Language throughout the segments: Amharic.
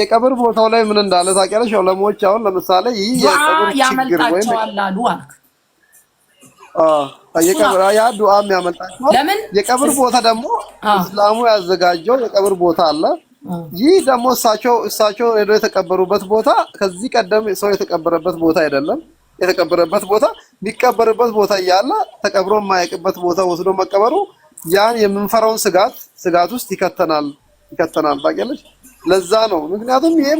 የቀብር ቦታው ላይ ምን እንዳለ ታውቂያለሽ? ያው ለሞች አሁን ለምሳሌ ይህ የቀብር ችግር ወይም አሉ አልክ። የቀብር ያ ዱዓም ያመልጣቸው። ለምን የቀብር ቦታ ደግሞ እስላሙ ያዘጋጀው የቀብር ቦታ አለ። ይህ ደግሞ እሳቸው እሳቸው ሄዶ የተቀበሩበት ቦታ ከዚህ ቀደም ሰው የተቀበረበት ቦታ አይደለም። የተቀበረበት ቦታ የሚቀበርበት ቦታ እያለ ተቀብሮ የማያውቅበት ቦታ ወስዶ መቀበሩ ያን የምንፈራውን ስጋት ስጋት ውስጥ ይከተናል ይከተናል። ታውቂያለሽ? ለዛ ነው ምክንያቱም ይሄ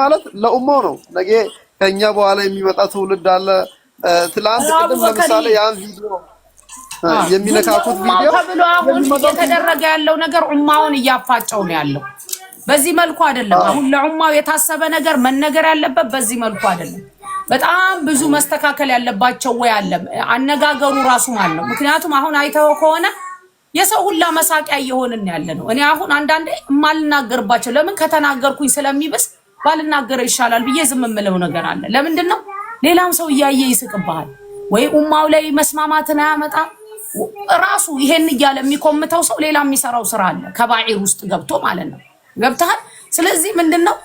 ማለት ለኡማው ነው። ነገ ከኛ በኋላ የሚመጣ ትውልድ አለ። ትላንት ቅድም ለምሳሌ ያን ቪዲዮ የሚነካኩት ቪዲዮ ተብሎ አሁን እየተደረገ ያለው ነገር ኡማውን እያፋጨው ነው ያለው። በዚህ መልኩ አይደለም። አሁን ለኡማው የታሰበ ነገር መነገር ያለበት በዚህ መልኩ አይደለም። በጣም ብዙ መስተካከል ያለባቸው ወይ አለም አነጋገሩ ራሱ ማለት ነው። ምክንያቱም አሁን አይተው ከሆነ የሰው ሁላ መሳቂያ እየሆንን ያለ ነው። እኔ አሁን አንዳንዴ የማልናገርባቸው ለምን ከተናገርኩኝ ስለሚብስ ባልናገር ይሻላል ብዬ ዝም የምለው ነገር አለ። ለምንድን ነው ሌላም ሰው እያየ ይስቅብሃል ወይ ኡማው ላይ መስማማትን አያመጣም። ራሱ ይሄን እያለ የሚኮምተው ሰው ሌላ የሚሰራው ስራ አለ ከባዒር ውስጥ ገብቶ ማለት ነው። ገብተሃል። ስለዚህ ምንድን ነው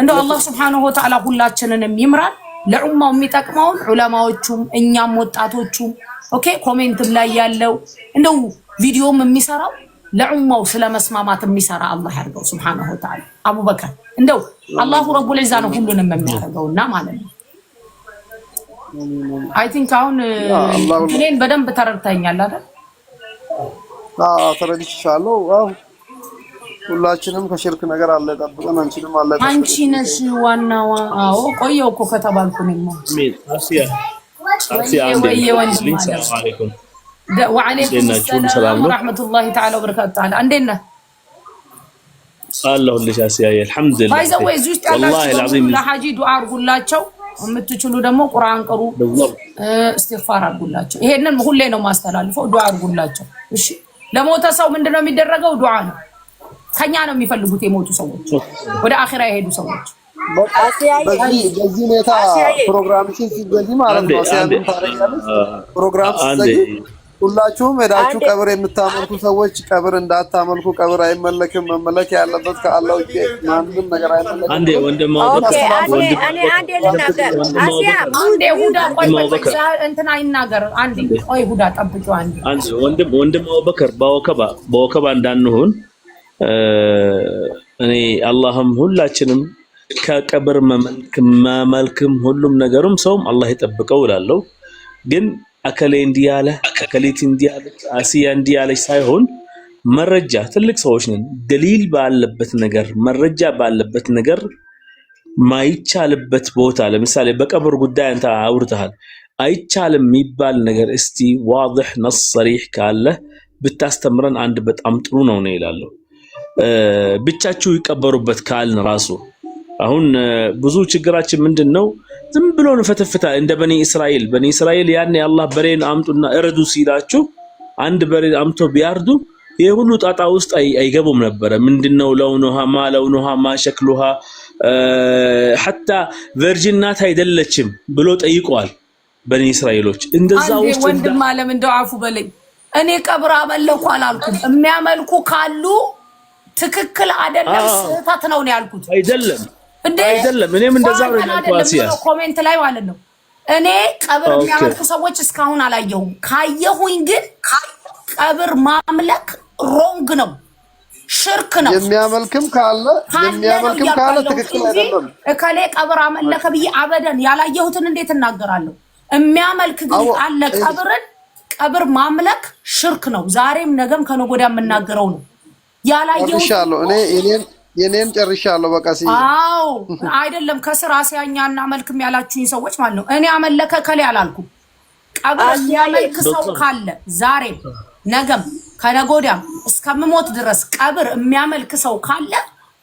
እንደው አላህ ስብሐነሁ ወተዓላ ሁላችንንም ይምራል። ለዑማው የሚጠቅመውን ዑለማዎቹም እኛም ወጣቶቹም ኦኬ ኮሜንትም ላይ ያለው እንደው ቪዲዮም የሚሰራው ለዑማው ስለ መስማማት የሚሰራ አላህ ያድርገው ስብሓነሁ ወተዓላ። አቡበከር እንደው አላሁ ረቡ ለዛ ነው ሁሉንም እና ማለት ነው። አይ ቲንክ አሁን እኔን በደንብ ተረድተኛል አይደል? ተረድቻለሁ። ሁላችንም ከሽርክ ነገር አለ ጠብቀን፣ አንቺንም አለ አንቺ ነሽ ዋናዋ። አዎ ቆየው እኮ ከተባልኩ ወዓለይኩም ሰላም ወረሕመቱላሂ ተዓላ ወበረካቱ። ተዓላ እንዴት ነህ? አለሁልሽ አስያዬ አልሐምዱሊላህ። ባይዘው ወይ እዚህ ውስጥ ያላችሁ ለሐጂ ዱዓ አድርጉላቸው። የምትችሉ ደግሞ ቁርአን ቅሩ፣ እስትግፋር አድርጉላቸው። ይሄንን ሁሌ ነው የማስተላልፈው ዱዓ አድርጉላቸው። እሺ፣ ለሞተ ሰው ምንድነው የሚደረገው? ዱዓ ነው። ከኛ ነው የሚፈልጉት የሞቱ ሰዎች፣ ወደ አኺራ የሄዱ ሰዎች በዚህ ሁኔታ ፕሮግራምሽን ሲገኝ ማለት ነው ፕሮግራም ሁላችሁም ሄዳችሁ ቀብር የምታመልኩ ሰዎች ቀብር እንዳታመልኩ፣ ቀብር አይመለክም። መመለክ ያለበት ማንም ነገር አይመለክም። አንዴ ወንድም አቡበከር በወከባ እንዳንሆን እኔ አላህም ሁላችንም ከቀብር መመልክም ሁሉም ነገሩም ሰውም አላህ ይጠብቀው እላለሁ። ግን አከሌ እንዲያለ ያለ አከሌት እንዲህ አስያ እንዲያለች ሳይሆን መረጃ ትልቅ ሰዎች ነን። ደሊል ባለበት ነገር መረጃ ባለበት ነገር ማይቻልበት ቦታ ለምሳሌ በቀብር ጉዳይ አንተ አውርተሃል። አይቻልም የሚባል ነገር እስቲ ዋድሕ ነስ ሰሪሕ ካለ ብታስተምረን አንድ በጣም ጥሩ ነው ነው ይላለሁ። ብቻችሁ ይቀበሩበት ካልን ራሱ አሁን ብዙ ችግራችን ምንድን ነው? ዝም ብሎ ንፈተፍታ እንደ በኒ እስራኤል። በኒ እስራኤል ያን የአላህ በሬን አምጡና እርዱ ሲላችሁ አንድ በሬ አምቶ ቢያርዱ ይህ ሁሉ ጣጣ ውስጥ አይገቡም ነበረ። ምንድነው ለውኑሃ ማ ለውኑሃ ማ ሸክሉሃ ሐታ ቨርጂን ናት አይደለችም ብሎ ጠይቀዋል በኒ እስራኤሎች። እንደዛ ውስጥ ወንድም አለም እንደው አፉ በለኝ እኔ ቀብር አመለኩ አላልኩም። የሚያመልኩ ካሉ ትክክል አይደለም ስህተት ነው ያልኩት አይደለም አይደለም እኔም እንደዛ ነው ኮሜንት ላይ ማለት ነው እኔ ቀብር የሚያመልኩ ሰዎች እስካሁን አላየሁም። ካየሁኝ ግን ቀብር ማምለክ ሮንግ ነው፣ ሽርክ ነው። የሚያመልክም ካለ የሚያመልክም ካለ ትክክል አይደለም። እከሌ ቀብር አመለከ ብዬ አበደን ያላየሁትን እንዴት እናገራለሁ? የሚያመልክ ግን አለ። ቀብርን ቀብር ማምለክ ሽርክ ነው። ዛሬም ነገም ከነገ የምናገረው ነው ያላየሁት የኔን ጨርሻለሁ። በቃ ሲ አዎ፣ አይደለም ከስራ ሲያኛ እና መልክም ያላችሁኝ ሰዎች ማለት ነው። እኔ አመለከ ከላይ አላልኩ ቀብር የሚያመልክ ሰው ካለ ዛሬም፣ ነገም፣ ከነገ ወዲያም እስከምሞት ድረስ ቀብር የሚያመልክ ሰው ካለ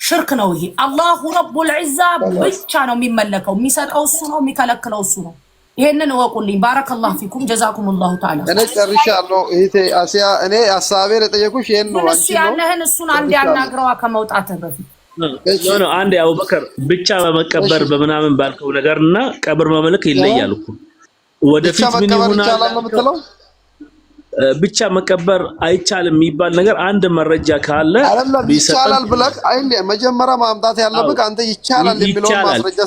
ሽርክ ነው። ይሄ አላሁ ረቡል ዒዛ ብቻ ነው የሚመለከው። የሚሰጠው እሱ ነው፣ የሚከለክለው እሱ ነው። ይሄንን እወቁልኝ። ባረከላሁ ፊኩም ጀዛኩም ላሁ ተዓላ። እኔ ጨርሻለሁ። እህቴ አሲያ፣ እኔ ሀሳቤን የጠየኩሽ ይሄን ነው። እሱ ያለህን እሱን አንድ ያናግረዋ ከመውጣት በፊት አንድ አቡበከር ብቻ በመቀበር በምናምን ባልከው ነገርና ቀብር መመልክ ይለያል እኮ ወደፊት ምን ይሆናል ብቻ መቀበር አይቻልም የሚባል ነገር አንድ መረጃ ካለ ይቻላል ብለህ አይ መጀመሪያ ማምጣት ያለብህ አንተ ይቻላል የሚለው ማስረጃ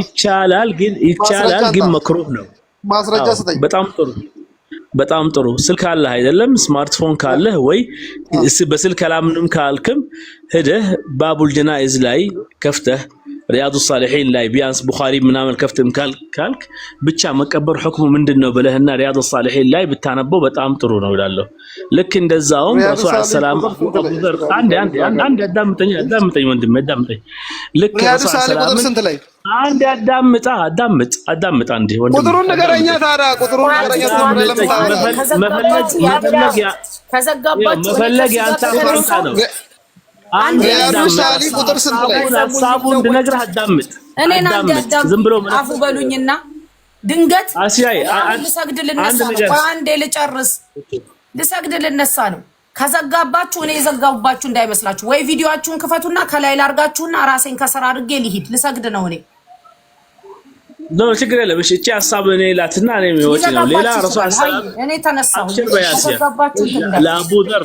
ይቻላል ግን ይቻላል ግን መክሩህ ነው። ማስረጃ ስጠኝ። በጣም ጥሩ በጣም ጥሩ። ስልክ አለህ አይደለም? ስማርትፎን ካለህ ወይ በስልክ አላምንም ካልክም ሄደህ ባቡል ጀናይዝ ላይ ከፍተህ ሪያዱ ሳሊሒን ላይ ቢያንስ ቡኻሪ ምናምን ከፍትም ካልክ ብቻ መቀበር ሕክሙ ምንድን ነው ብለህና ሪያዱ ሳሊሒን ላይ ብታነበው በጣም ጥሩ ነው ይላለሁ። ልክ እንደዛውም ረሱ ሰላም አዳምጠኝ አዳምጠኝ ወንድሜ አዳምጠኝ። ልክ አንድ አዳምጣ አዳምጥ አዳምጣ እንዲህ ወንድሜ ቁጥሩን ንገረኛ ታዲያ ቁጥሩን ንገረኛ መፈለግ ያንተ አቅጣጫ ነው ሀሳቡን አፉ በሉኝና ድንገት ልሰግድ ልነሳ ነው። አንዴ ልጨርስ። ልሰግድ ልነሳ ነው። ከዘጋባችሁ እኔ የዘጋሁባችሁ እንዳይመስላችሁ። ወይ ቪዲዮችሁን ክፈቱና ከላይ ላርጋችሁና ራሴን ከስራ አድርጌ ልሂድ። ልሰግድ ነው እኔ ዞሮ ችግር የለም። እሺ እቺ ሀሳብ እኔ ላትና እኔ የሚወጪ ነው። ሌላ እርሱ ሀሳብ እኔ ተነሳሁ። ለአቡ ዘር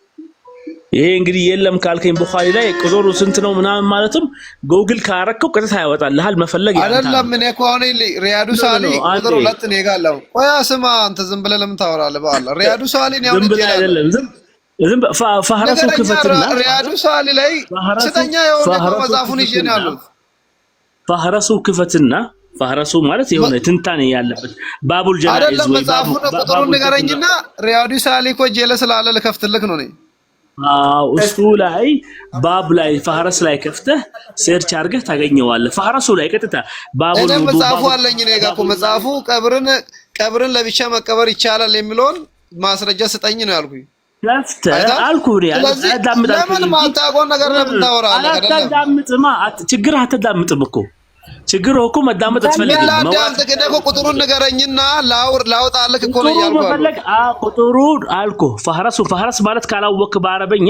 ይሄ እንግዲህ የለም ካልከኝ ቡኻሪ ላይ ቁጥሩ ስንት ነው ምናምን ማለትም ጎግል ካረከው ቀጥታ ያወጣልሃል። መፈለግ አይደለም። ምን ኮሆነ ሪያዱ ሳሊ ቁጥር ሁለት ነው የጋለው። ቆይ ስማ አንተ ዝም ብለህ ለምን ታወራለህ? በኋላ ሪያዱ ሳሊ ነው ዝም ብለህ አይደለም ዝም ዝም ፋህራሱ ክፈትና ሪያዱ ሳሊ ላይ ስተኛ የሆነ መጽሐፉን ይዤ ነው ያሉት። ፋህራሱ ክፈትና ፋህራሱ ማለት የሆነ ትንታኔ ያለበት ባቡል ጀናይዝ ወይ ባቡል ቁጥሩን ንገረኝና ሪያዱ ሳሊ እኮ ጄለ ስላለ ልከፍትልክ ነው ነኝ ውስጡ ላይ ባብ ላይ ፋህረስ ላይ ከፍተህ ሰርች አድርገህ ታገኘዋለህ። ፋህረሱ ላይ ቀጥታ ባቡ ነው። መጽሐፉ አለኝ እኔ ጋር እኮ መጽሐፉ ቀብርን ቀብርን ለብቻ መቀበር ይቻላል የሚለውን ማስረጃ ስጠኝ ነው ያልኩኝ። ከፍተህ አልኩህ እኔ አላዳምጥም። ለምን ማታውቀውን ነገር ለምን ታወራለህ? አታዳምጥማ። ችግር አታዳምጥም እኮ ችግር እኮ መዳመጥ አትፈልግም። ቁጥሩን ንገረኝና ላውጣልህ እኮ ነው ያልኩህ። ቁጥሩን አልኩህ። ፈህረሱ ፈህረስ ማለት ካላወቅህ በአረበኛ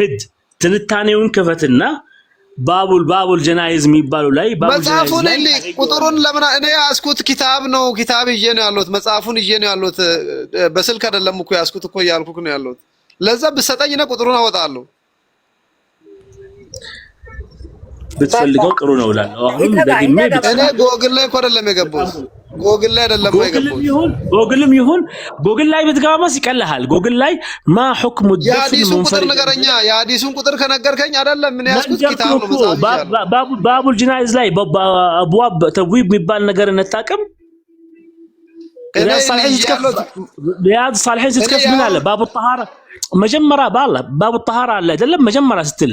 ህድ ትንታኔውን ክፈትና ባቡል ባቡል ጀናይዝ የሚባሉ ላይ መጽሐፉን እልህ ቁጥሩን ለምን እኔ ያዝኩት ኪታብ ነው። ኪታብ ይዤ ነው ያለሁት። መጽሐፉን ይዤ ነው ያለሁት። በስልክ አይደለም እኮ ያስኩት እኮ እያልኩህ ነው ያሉት። ለዛ ብትሰጠኝ እኔ ቁጥሩን አወጣለሁ። ብትፈልገው ጥሩ ነው እላለሁ። አሁንም ደግሜ እኔ ጎግል ላይ እኮ አይደለም የገባሁት ጎግል ላይ አይደለም የገባሁት። ጎግልም ይሁን ጎግል ላይ ብትገባመስ ይቀልሃል። ጎግል ላይ ማ ሁክሙ የሐዲሱን ቁጥር ንገረኛ። የሐዲሱን ቁጥር ከነገርከኝ አይደለም ምን ያስኩት ኪታብ ነው ባቡል ጅናይዝ ላይ አብዋብ ተብዊብ የሚባል ነገር እንታቅም ሪያድ ሳልሒን ስትከፍት ምን አለ? ባቡ ጠሃራ መጀመሪያ ባለ ባቡ ጠሃራ አለ አይደለም መጀመሪያ ስትል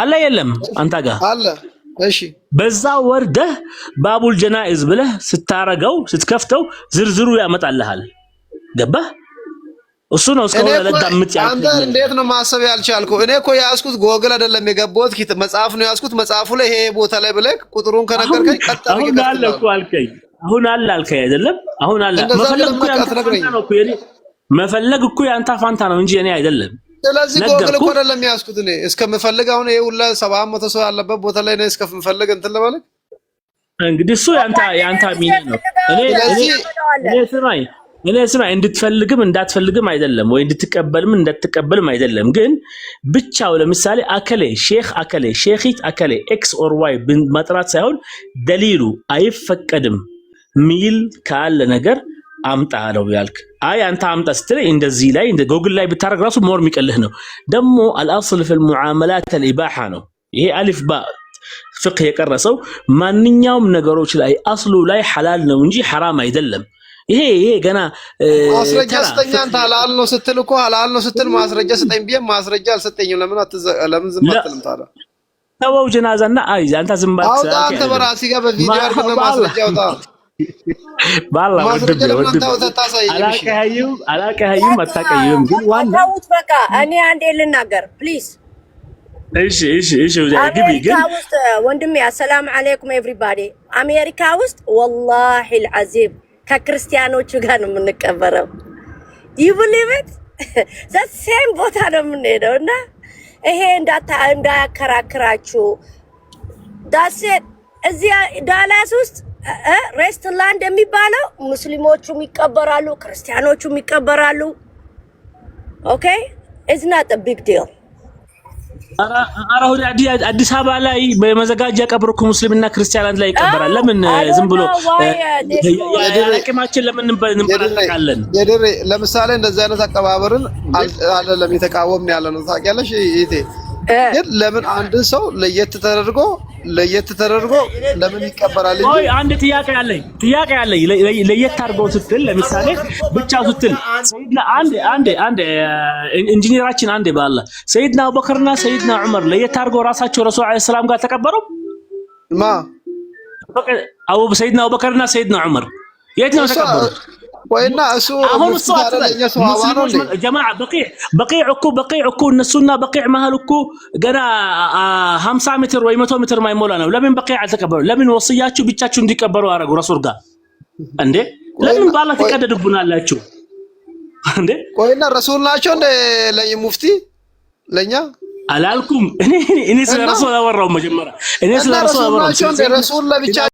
አለ የለም አንተ ጋር አለ። እሺ በዛ ወርደህ ባቡል ጀናኢዝ ብለህ ስታረገው ስትከፍተው ዝርዝሩ ያመጣልሃል። ገባህ? እሱ ነው እስካሁን ለዳምጥ ያልኩት። አንተ እንዴት ነው ማሰብ ያልቻልኩ? እኔ እኮ ያስኩት ጎግል አይደለም የገባሁት ኪት መጽሐፍ ነው ያስኩት መጽሐፉ ላይ ይሄ ቦታ ላይ ብለህ ቁጥሩን ከነገርከኝ ቀጣይ አሁን አልከኝ። አሁን አለ አልከኝ አይደለም? አሁን አለ መፈለግ እኮ ያንተ ፋንታ ነው እንጂ እኔ አይደለም ስለዚህ ጎግል እኮ አይደለም ያዝኩት እኔ እስከምፈልግ አሁን ይሄ ሁላ ሰባት መቶ ሰው ያለበት ቦታ ላይ ነው እስከምፈልግ እንትን ለማለት እንግዲህ እሱ ያንተ ያንተ ሚኒ ነው። እኔ እኔ ስማኝ እኔ ስማኝ እንድትፈልግም እንዳትፈልግም አይደለም ወይ እንድትቀበልም እንዳትቀበልም አይደለም። ግን ብቻው ለምሳሌ አከሌ ሼክ አከሌ ሼኺት አከሌ ኤክስ ኦር ዋይ ማጥራት ሳይሆን ደሊሉ አይፈቀድም ሚል ካለ ነገር አምጣ አለው ያልክ። አይ አንተ አምጣ ስትል እንደዚህ ላይ ጎግል ላይ ብታረግ ራሱ ሞር የሚቀልህ ነው። ደግሞ አልአስል ፊል ሙዓመላት አልኢባሓ ነው። ይሄ አሊፍ ባ ፍቅህ የቀረሰው ማንኛውም ነገሮች ላይ አስሉ ላይ ሐላል ነው እንጂ ሐራም አይደለም። ይሄ ይሄ ገና ማስረጃ ስጠኝ አንተ ሐላል ነው ስትል እኮ ሐላል ነው ስትል ማስረጃ ስጠኝ ብዬ ማስረጃ አልሰጠኝም። ለምን ለምን ዝም አትልም ታዲያ? ተወው ጀናዛና አይ አንተ ዝም ባትል አንተ በራስህ ጋር በቪዲዮ አድርገህ ማስረጃ አውጣ ባላ ወድብ ወድብ አላቀያዩም አታቀዩም። ግን ዋና በቃ እኔ አንዴ ልናገር ፕሊዝ። እሺ እሺ እሺ ግቢ ግን ወንድሜ፣ አሰላም አለይኩም ኤቭሪባዲ። አሜሪካ ውስጥ ወላሂ አልዓዚም ከክርስቲያኖቹ ጋር ነው የምንቀበረው። ቦታ ነው የምንሄደው እና ይሄ እንዳያከራክራችሁ ዳሴ ዳላስ ውስጥ ሬስትላንድ የሚባለው ሙስሊሞቹም ይቀበራሉ፣ ክርስቲያኖቹም ይቀበራሉ። ኦኬ እዝና ቢግ ዲል አራሁን አዲስ አበባ ላይ በመዘጋጃ ቀብር እኮ ሙስሊምና ክርስቲያን አንድ ላይ ይቀበራል። ለምን ዝም ብሎ አቂማችን uh, uh, ለምን እንበረታለን? የድሬ ለምሳሌ እንደዚህ አይነት አቀባበርን አይደለም የተቃወምን ያለ ነው ታውቂያለሽ። ይሄ ግን ለምን አንድን ሰው ለየት ተደርጎ ለየት ተደርጎ ለምን ይቀበራል? እንጂ አንድ ጥያቄ አለኝ ጥያቄ አለኝ። ለየት አድርጎ ስትል ለምሳሌ ብቻ ስትል ሰይድና አንድ አንድ አንድ ኢንጂነራችን አንድ ባላ ሰይድና አቡበከርና ሰይድና ዑመር ለየት አድርጎ ራሳቸው ረሱል አለይሂ ሰላም ጋር ተቀበሩ። ማ አቡ ሰይድና አቡበከርና ሰይድና ዑመር የት ነው ተቀበሩት? ወይና እሱ አሁን እሱ ሙስሊሞች ጀማዓ በቂዕ በቂዕ እኮ በቂዕ እኮ እነሱና በቂዕ መሀል እኮ ገና 50 ሜትር ወይ 100 ሜትር ማይሞላ ነው። ለምን በቂዕ አልተቀበሉ? ለምን ወስያችሁ ብቻችሁ እንዲቀበሉ አረጉ? ረሱል ጋር እንዴ ለምን ባላ ትቀደድቡናላችሁ እንዴ? ቆይና ረሱል ናቸው እንደ ለይ ሙፍቲ ለኛ አላልኩም። እኔ እኔ ስለ ረሱል አወራው መጀመሪያ እኔ ስለ ረሱል አወራው ረሱል ለብቻ